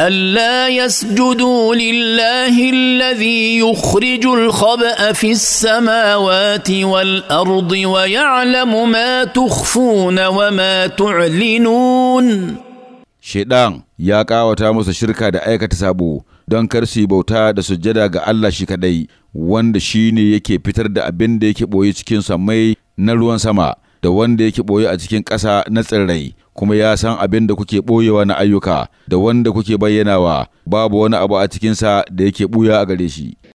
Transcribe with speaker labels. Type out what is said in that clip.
Speaker 1: ألا يسجدوا لله الذي يخرج الخبأ في السماوات والأرض ويعلم ما تخفون وما تعلنون
Speaker 2: Shaiɗan ya ƙawata masa shirka da aikata sabo don kar su yi bauta da sujada ga Allah shi kaɗai, wanda shi ne yake fitar da abin da yake ɓoye cikin samai na ruwan sama da wanda yake ɓoye a cikin ƙasa na tsirrai kuma ya san abin da kuke ɓoyewa na ayyuka da wanda kuke bayyanawa babu wani abu a cikinsa da yake ɓuya a gare shi